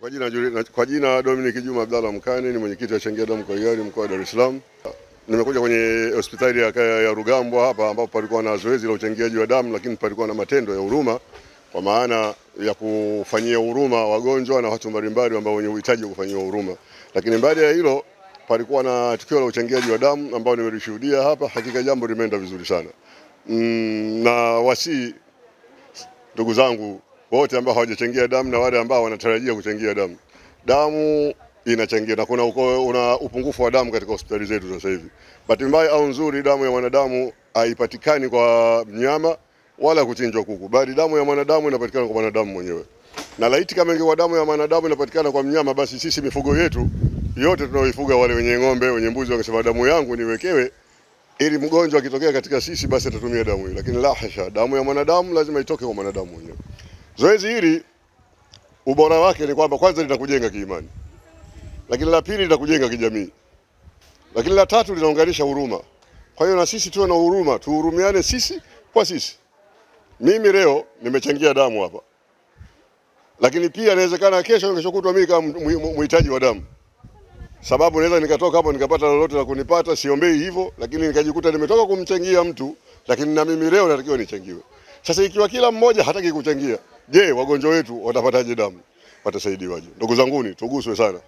Kwa jina, kwa jina Dominic Juma Abdalla Mkani ni mwenyekiti wa Changia Damu kwa Hiari mkoa wa Dar es Salaam. Nimekuja kwenye hospitali ya, ya Rugambwa hapa ambapo palikuwa na zoezi la uchangiaji wa damu, lakini palikuwa na matendo ya huruma kwa maana ya kufanyia huruma wagonjwa na watu mbalimbali ambao wenye uhitaji wa kufanyiwa huruma. Lakini baada ya hilo palikuwa na tukio la uchangiaji wa damu ambao nimelishuhudia hapa. Hakika jambo limeenda vizuri sana mm, na wasi ndugu zangu wote ambao hawajachangia damu na wale ambao wanatarajia kuchangia damu. Damu inachangia na kuna uko, una upungufu wa damu katika hospitali zetu sasa hivi. Bahati mbaya au nzuri, damu ya mwanadamu haipatikani kwa mnyama wala kuchinjwa kuku, bali damu ya mwanadamu inapatikana kwa mwanadamu mwenyewe. Na laiti kama ingekuwa damu ya mwanadamu inapatikana kwa mnyama, basi sisi mifugo yetu yote tunaoifuga, wale wenye ng'ombe, wenye mbuzi, wangesema damu yangu niwekewe ili mgonjwa akitokea katika sisi basi atatumia damu hii, lakini la hasha, damu ya mwanadamu lazima itoke kwa mwanadamu mwenyewe. Zoezi hili ubora wake ni kwamba kwanza linakujenga kiimani, lakini la pili linakujenga kijamii, lakini la tatu linaunganisha huruma. Kwa hiyo na sisi tuwe na huruma, tuhurumiane sisi kwa sisi. Mimi leo nimechangia damu hapa, lakini pia inawezekana kesho, kesho mimi kama mhitaji wa damu, sababu naweza nikatoka hapo nikapata lolote la kunipata. Siombei hivyo, lakini nikajikuta nimetoka kumchangia mtu, lakini na mimi leo natakiwa nichangiwe. Sasa ikiwa kila mmoja hataki kuchangia, je, wagonjwa wetu watapataje damu? Watasaidiwaje? Ndugu zanguni, tuguswe sana,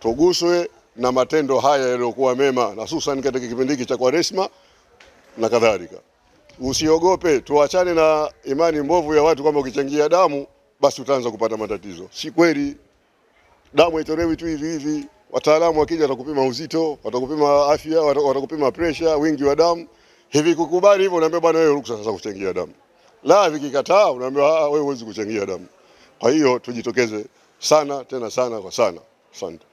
tuguswe na matendo haya yaliyokuwa mema, na hususan katika kipindi hiki cha Kwaresma na kadhalika. Usiogope, tuachane na imani mbovu ya watu kwamba ukichangia damu basi utaanza kupata matatizo. Si kweli, damu haitolewi tu hivi hivi. Wataalamu wakija watakupima uzito, watakupima afya, watakupima presha, wingi wa damu. Hivi kukubali hivyo, naambia bwana, wewe ruksa sasa kuchangia damu la vikikataa unaambiwa ah, wewe huwezi kuchangia damu. Kwa hiyo tujitokeze sana tena sana kwa sana. Asante.